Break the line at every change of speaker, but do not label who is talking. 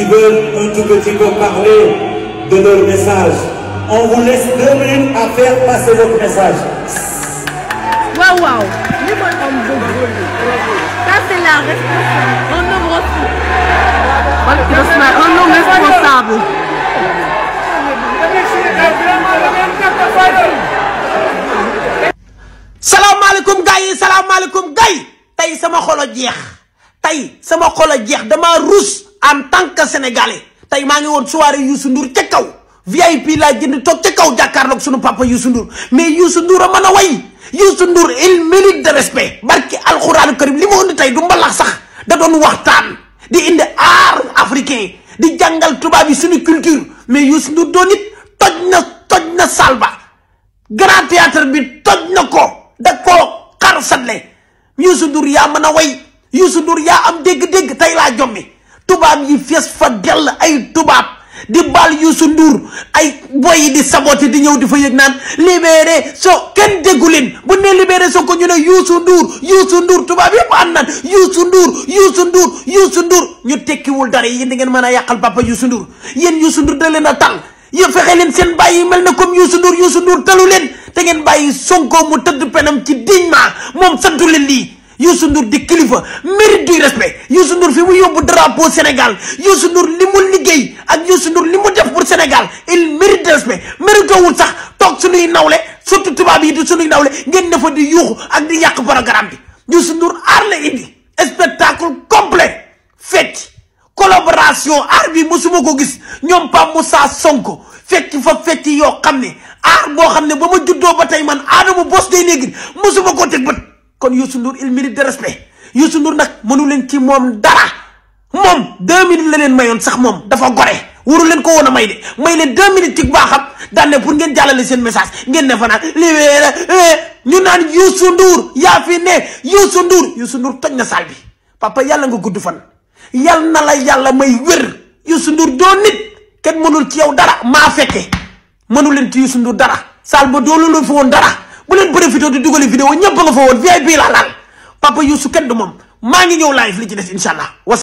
qui veulent un tout petit peu parler de leur message. On vous laisse deux minutes à faire passer votre message. Waouh, waouh. Ça, c'est la responsable. Un homme responsable. Un homme responsable. salaamaaleykum gars yi salaamaaleykum gars yi tey sama xol a jeex tey sama xol a jeex dama rus en tant que sénégalais tey maa ngi woon soirée Youssou Ndour ca kaw VIP laa jënd toog ca kaw jàkkaarloog sunu papa Youssou Ndour mais Youssou Ndour a mën a way Youssou Ndour il mérite de respect barki alxuraanu karim li ma indi tey du mbalax sax da doon waxtaan di indi art africain di jàngal tubaab yi sunu culture mais Youssou Ndour doon it toj na toj na salba grand théâtre bi toj na ko da koo xar satle Youssou Ndour yaa mën a way Youssou Ndour yaa am dégg-dégg tey laa jommi tubaab yi fees fa dell ay tubaab di bal Youssou Ndour ay boy yi di saboté di ñëw di fa yëg naan libéré soo kenn déggu leen bu ne libéré ko ñu ne Youssou Ndour Youssou Ndour tubaab yëpp ànd naan Youssou Ndour Youssou Ndour Youssou Ndour ñu tekkiwul dara yéen da ngeen mën a yàqal papa Youssou Ndour yéen Youssou Ndour da leen a tàng yéen fexe leen seen bàyyi mel na comme Youssou Ndour Youssou Ndour talu leen te ngeen bàyyi Sonko mu tëdd penam ci dignement moom santu leen lii Youssou Ndour di kilifa mérite du respect drapeau Sénégal Youssou Ndour li mu liggéey ak Youssou Ndour li mu def pour Sénégal il mérite respect méritewul sax toog suñuy nawle surtout tubaab yi di suñuy nawle ngeen di yuuxu ak di yàq programme bi Youssou Ndour aar la indi spectacle complet fecc collaboration aar bi mosuma ko gis ñoom Pape saa Sonko fecc fa fecc yoo xam ne aar boo xam ne ba ma juddoo ba tey man aadama bos day néegi mosuma ko teg bët kon Youssou Ndour il mérite de respect Youssou Ndour nag mënu leen ci moom dara minutes la leen mayoon sax moom dafa gore waru leen ko woon a may de may leen deux minutes ci baaxam daan ne pour ngeen jàllale seen message ngeen ne fa naan libéré eh, ñu naan Youssou Ndour yaa fi ne Youssou Ndour Youssou Ndour toj na saal bi papa yàlla nga gudd fan yàlla na la yàlla may wér Youssou Ndour doo nit kenn mënul ci yow dara maa fekke mënu leen ci Youssou Ndour dara saal ba doolu la fa woon dara bu leen profité di dugali vidéo ñëpp nga fa woon VIP laa laal papa Youssou kenn du moom maa ngi ñëw live li ci des incha allah